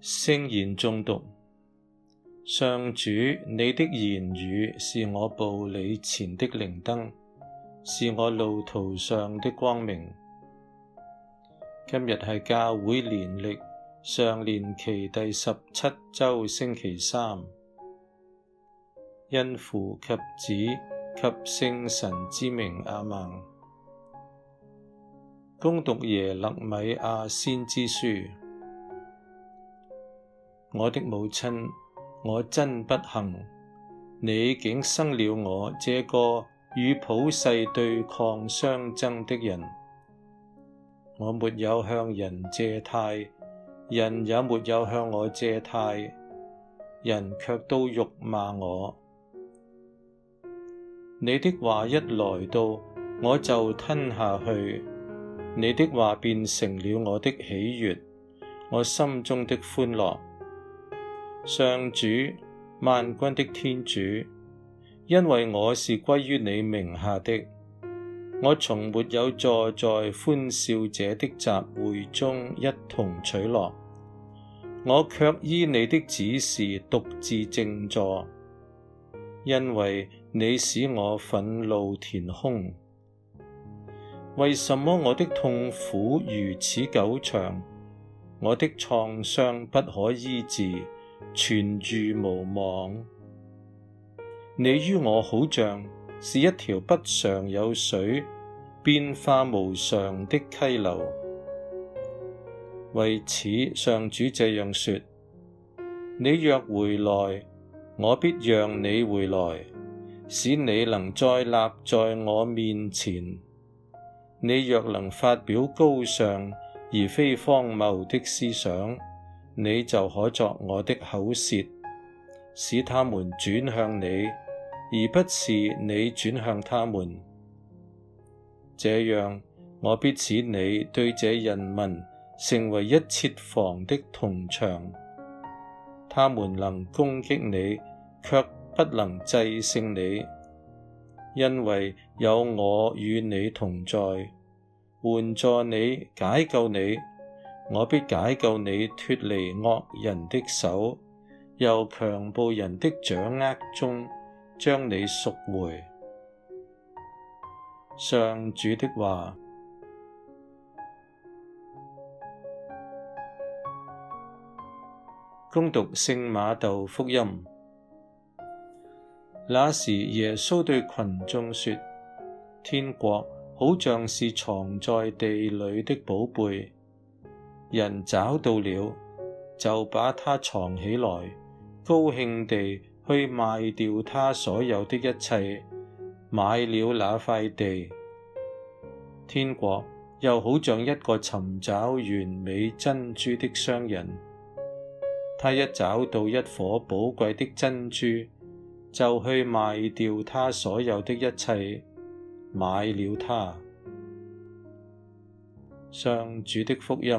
聖言誦讀，上主，你的言語是我步履前的靈燈，是我路途上的光明。今日係教會年曆常年期第十七周星期三，因父及子及聖神之名阿們，恭讀耶肋米亞先知書。我的母親，我真不幸，你竟生了我這個與普世對抗相爭的人。我沒有向人借貸，人也沒有向我借貸，人卻都辱罵我。你的話一來到，我就吞下去。你的話變成了我的喜悦，我心中的歡樂。上主，萬軍的天主，因為我是歸於你名下的，我從沒有坐在歡笑者的集會中一同取樂，我卻依你的指示獨自靜坐，因為你使我憤怒填胸。為什麼我的痛苦如此久長？我的創傷不可醫治？痊癒無望，你於我好像是一條不常有水、變化無常的溪流。為此，上主這樣說：你若回來，我必讓你回來，使你能再立在我面前。你若能發表高尚而非荒謬的思想，你就可作我的口舌，使他們轉向你，而不是你轉向他們。這樣，我必使你對這人民成為一設防的銅牆，他們能攻擊你，却不能制勝你，因為有我與你同在，援助你，解救你。我必解救你脫離惡人的手，由強暴人的掌握中將你贖回。上主的話，恭讀聖瑪竇福音。那時耶穌對群眾說：天國好像是藏在地裏的寶貝。人找到了，就把他藏起來，高興地去賣掉他所有的一切，買了那塊地。天國又好像一個尋找完美珍珠的商人，他一找到一顆寶貴的珍珠，就去賣掉他所有的一切，買了它。上主的福音。